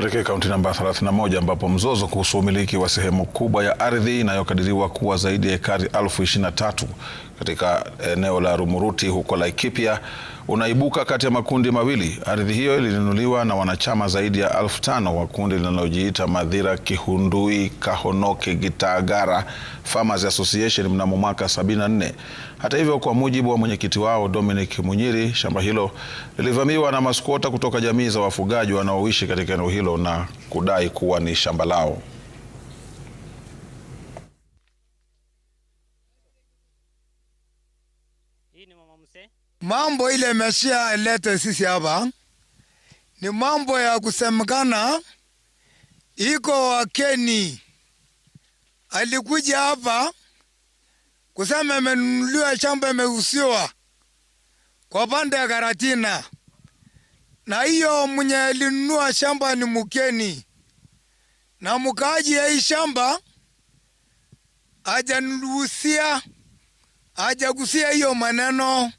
Tuelekee kaunti namba 31 ambapo mzozo kuhusu umiliki wa sehemu kubwa ya ardhi inayokadiriwa kuwa zaidi ya ekari elfu katika eneo la Rumuruti huko Laikipia unaibuka kati ya makundi mawili. Ardhi hiyo ilinunuliwa na wanachama zaidi ya elfu tano wa kundi linalojiita Madhira Kihundui Kahonoke Gitagara Farmers Association mnamo mwaka 74. Hata hivyo, kwa mujibu wa mwenyekiti wao Dominic Munyiri, shamba hilo lilivamiwa na maskuota kutoka jamii za wafugaji wanaoishi katika eneo hilo na kudai kuwa ni shamba lao. Hii ni mama Mambo ile meshia elete sisi hapa ni mambo ya kusemekana, iko wakeni alikuja hapa kusema imenunuliwa shamba meusiwa kwa pande ya Karatina, na hiyo mwenye alinunua shamba ni mukeni na mukaji ya hii shamba ajanuruhusia ajagusia hiyo maneno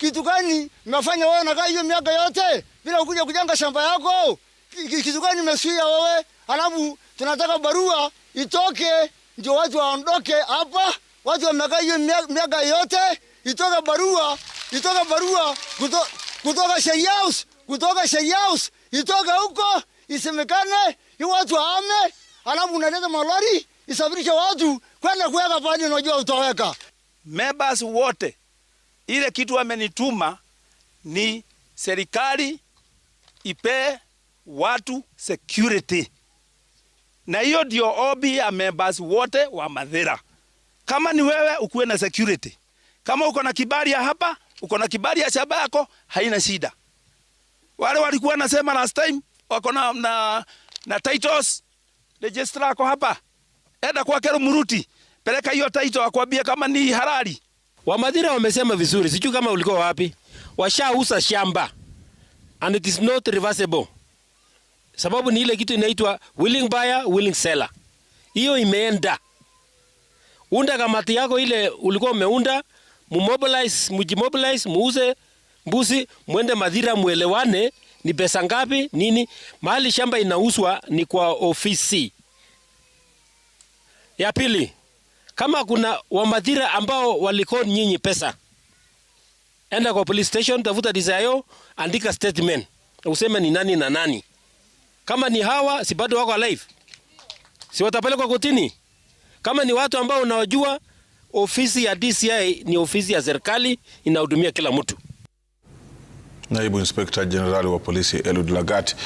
kitu gani mmefanya wewe? na hiyo miaka yote bila kuja kujenga shamba yako, kitu gani mmesuia wewe? Alafu tunataka barua itoke ndio watu waondoke hapa. Watu wamekaa hiyo miaka yote, itoka barua, itoka barua kutoka Sheri House, kutoka Sheri House, itoka huko isemekane hiyo watu waame, alafu unaleta malori isafirisha watu kwenda kuweka pahali unajua utaweka mebas wote ile kitu amenituma ni serikali ipe watu security, na hiyo ndio obi ya members wote wa Mathira. Kama ni wewe ukuwe na security, kama uko na kibali ya hapa, uko na kibali ya shamba yako, haina shida. Wale walikuwa nasema last time wako na, na, na titles registrar ako hapa, enda kwake Muruti, peleka hiyo title akwambie kama ni halali. Wamadhira wamesema vizuri, sijui kama ulikuwa wapi. Washauza shamba and it is not reversible, sababu ni ile kitu inaitwa willing buyer, willing seller. Hiyo imeenda. Unda kamati yako ile ulikuwa umeunda, mumobilize, mujimobilize, muuze mbuzi, mwende Madhira, muelewane ni pesa ngapi nini. Mahali shamba inauzwa ni kwa ofisi ya pili kama kuna Wamadhira ambao walikon nyinyi pesa, enda kwa police station, tafuta DCIO, andika statement, useme ni nani na nani. Kama ni hawa si bado wako alive, si watapelekwa kotini? Kama ni watu ambao unawajua, ofisi ya DCI ni ofisi ya serikali, inahudumia kila mtu. Naibu Inspekta Jenerali wa Polisi Eliud Lagat